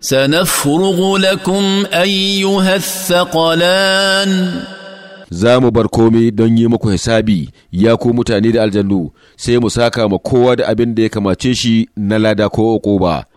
سنفرغ لكم أيها الثقلان za mu bar komai don yi muku hisabi ya ku mutane da aljannu sai mu saka ma kowa da abin da ya kamace shi na lada ko ba